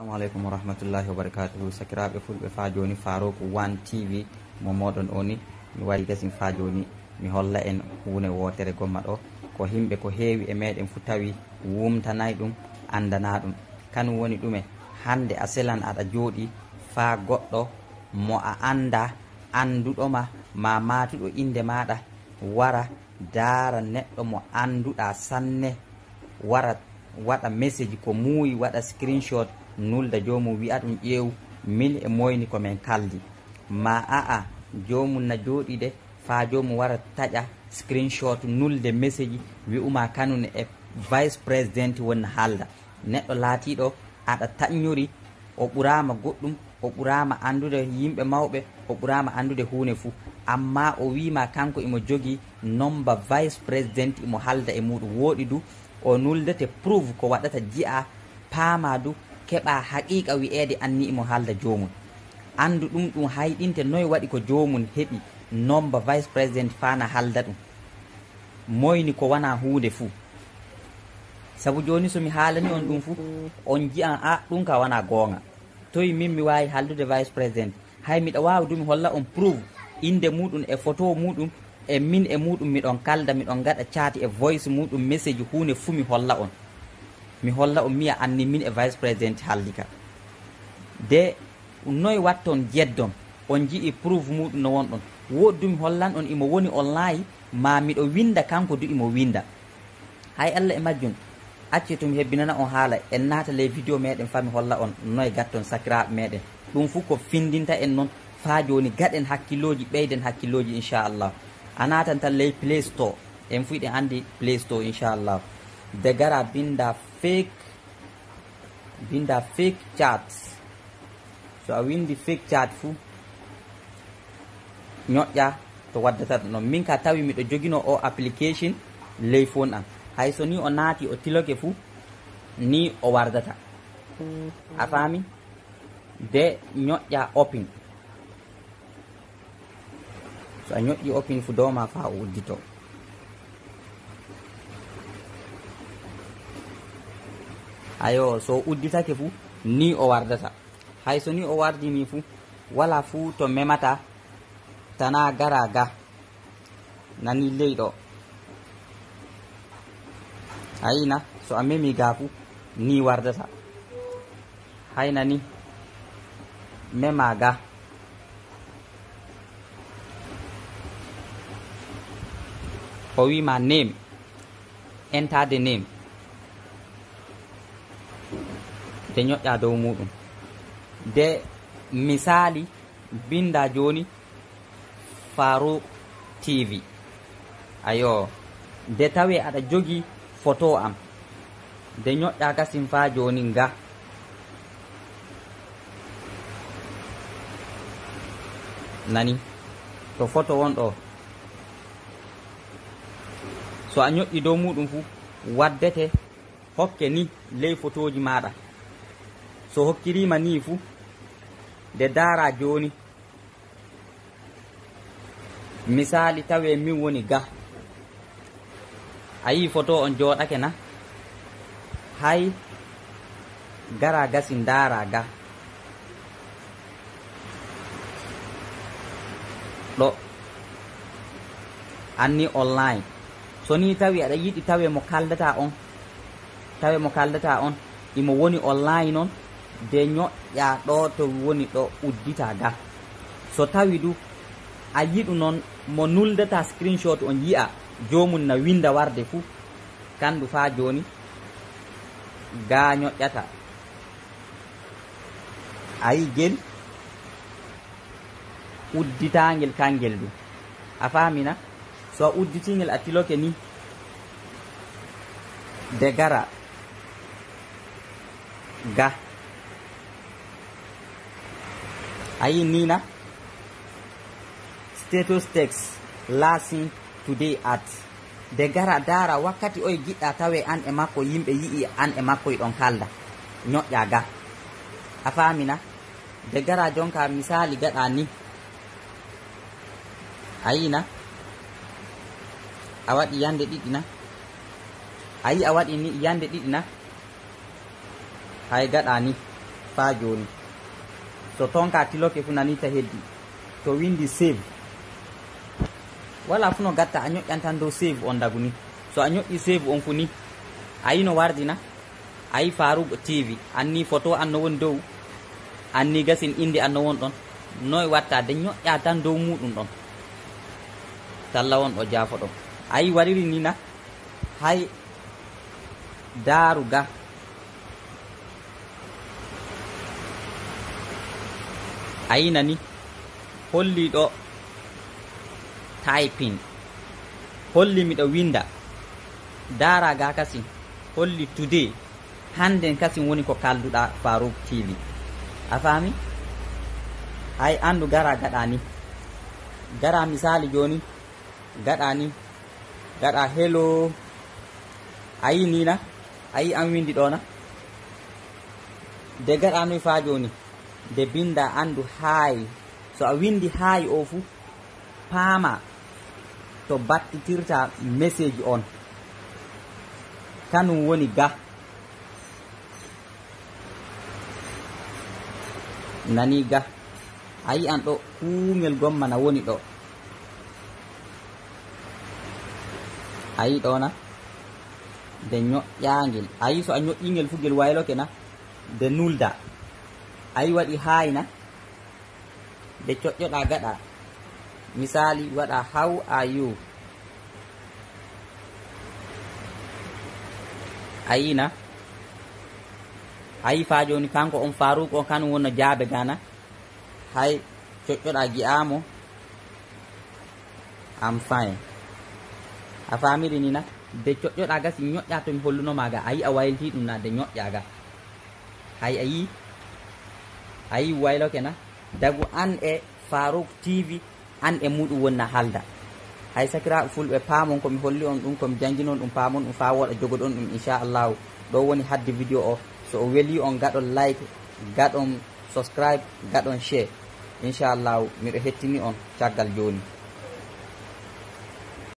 assalamu aleykum wa rahmatullahi wa barakatuhu sakiraɓe fulɓe fa joni farouk one tv mo moɗon o ni mi wari gasin fa joni mi holla en hunde wotere gomma ɗo ko himɓe ko heewi e meɗen fo tawi wumtanayi ɗum andana ɗum kanum woni ɗume hande a selan aɗa jooɗi fa goɗɗo mo a anda anduɗoma ma matuɗo inde maɗa wara daara neɗɗo mo anduɗa sanne wara waɗa message ko muuyi waɗa screenshot nulda jomum wiya ɗum ƴeew min e moyni komin kaldi ma a a jomum na jooɗi de fa jomum wara taƴa screenshot nulde message wi'uma kanum e vice président wonna haalda neɗɗo laatiɗo aɗa taƴñori o ɓurama goɗɗum o ɓurama andude yimɓe mawɓe o ɓurama andude hunde fou amma o wima kanko imo jogui nomba vice président imo halda e muɗum woɗi du o nuldete prouve ko waɗata jiya paama du keɓa haqiqa wiyede anni imo haalda joomum andu ɗum ɗum hayɗinte noy waɗi ko joomum heɓi nomba vice président fana halda ɗum moyni ko wona hunde fuu saabu joni somi haalani on ɗum fuu on jiyan a ah, ɗum ka wona goonga toyi min mi wawi haldude vice président hay miɗa wawi du mi holla on prouve inde muɗum e photo muɗum e min e muɗum miɗon kalda miɗon gaɗa caati e voice muɗum message hunde fuu mi holla on mi holla on miya anni min e vice président haalli ka de noyi watton jeddon on jii prouve muɗum no won ɗon woɗɗumi hollan on imo woni on laayi ma miɗo winda kanko du imo winda hay allah e majjum acci tomi hebbinana on haala en naata ley vidéo meɗen fami holla on noyi gatton sakiraɓe meɗen ɗum fof ko findinta en noon faa joni gaɗen hakkilloji ɓeyden hakkilloji inchallah a natan tan ley play store en fuiɗen andi play store inchallah de gara binda fake binda fake chat so a windi fake chat fuu ñoƴƴa to waddatata noon min ka tawi miɗo jogino o application ley phone am hay so ni o naati o tiloke fuu ni o wardata a faami de ñoƴƴa opin so a ñoƴƴi opin fu dowma fa o udditoo ayo so udditake fuu ni o wardata hay so ni o wardini fuu wala fuu to memata tana gara ga nani ley ɗo ayina so a memi ga fuu ni wardata haynani mema ga o wima nem entade nem ɓe ñoƴƴa dow muɗum de misali binda joni faru tv ayo de tawi aɗa jogi photo am de ñoƴƴa kasim fa joni nga nani to photo wonɗo so a ñoƴƴi dow muɗum fu waddete hokke ni ley photoji maɗa so hokkirima ni fuu nde daara joni misali tawe min woni ga a yi photo on joɗake na hay gara gasi daara ga ɗo anni online so ni tawi aɗa yiɗi tawe mo kaldata on tawe mo kaldata on imo woni online on de ñoƴƴa ɗo to woni ɗo uddita ga so tawi du a yiɗu noon mo nuldata screenshot on yi'a jomum na winda warde fuu kanɗu fa joni ga ñoƴƴata a yi guel udditagel kangel du a famina so a udditigel a tiloke ni de gara ga ayi nina statostex lasin today at de gara dara wakkati oye giɗɗa tawe an e makko yimɓe yii an e makkoye ɗon kalda ñoƴƴa ga a famina de gara jonka misali gaɗa ni a yina a waɗi yande ɗiɗina a yi a waɗi ni yande ɗiɗina hay gaɗa ni fa joni totonga atilo ke funanita heddi to windi save wala funo gatta a ñoƴƴan tan save on dagu so a ñoƴƴi save on funi a yino wardina a yi farugo tv anni photo an no woni dow anni gasin inde an no won ɗon noye wattade ñoƴƴa tan dow muɗum ɗon talla on ɗo jaafo ɗon a wariri nina hay daaruga ayina ni holli ɗo typin holli miɗo winda dara ga kasi holli today hannden kasi woni ko kalduɗa farouk tv a faami ay andu gara gaɗa ni gara misali joni gaɗa ni gaɗa hello ayi nina ayi an windi ɗona de gaɗa nui fa joni nde binda andu haayi so a windi haayi o fuu paama to battitirta message on kanum woni ga nani ga a yi'an ɗo kuugel gomma na woni ɗo a yi ɗona nde ño'yangel a yi so a ño'yingel fuu gel wayloke na nde nulda ayi waɗi hayna nde coƴƴoɗa gaɗa misali waɗa how a you ayina ayi fa joni kanko on faruk on kan wonno jaabe gana hay coƴƴoɗa gui'amo enfin a famiri nina de coƴƴoɗa ga si ñoƴƴa tomi hollunomaga ayi a waylti ɗum na de ñoƴƴa ga hay ayi a yi wayloke na dagu an e farouk tv an e muɗum wonna halda hay sakiraɓe fulɓe paamon komi holli on ɗum komi jangginon ɗum paamon ɗum fa woɗa jogoɗon ɗum inchallahu ɗo woni hadde vidéo o so o weeli on gaɗon like gaɗon subscribe gaɗon share inchallahu miɗo hettini on caggal joni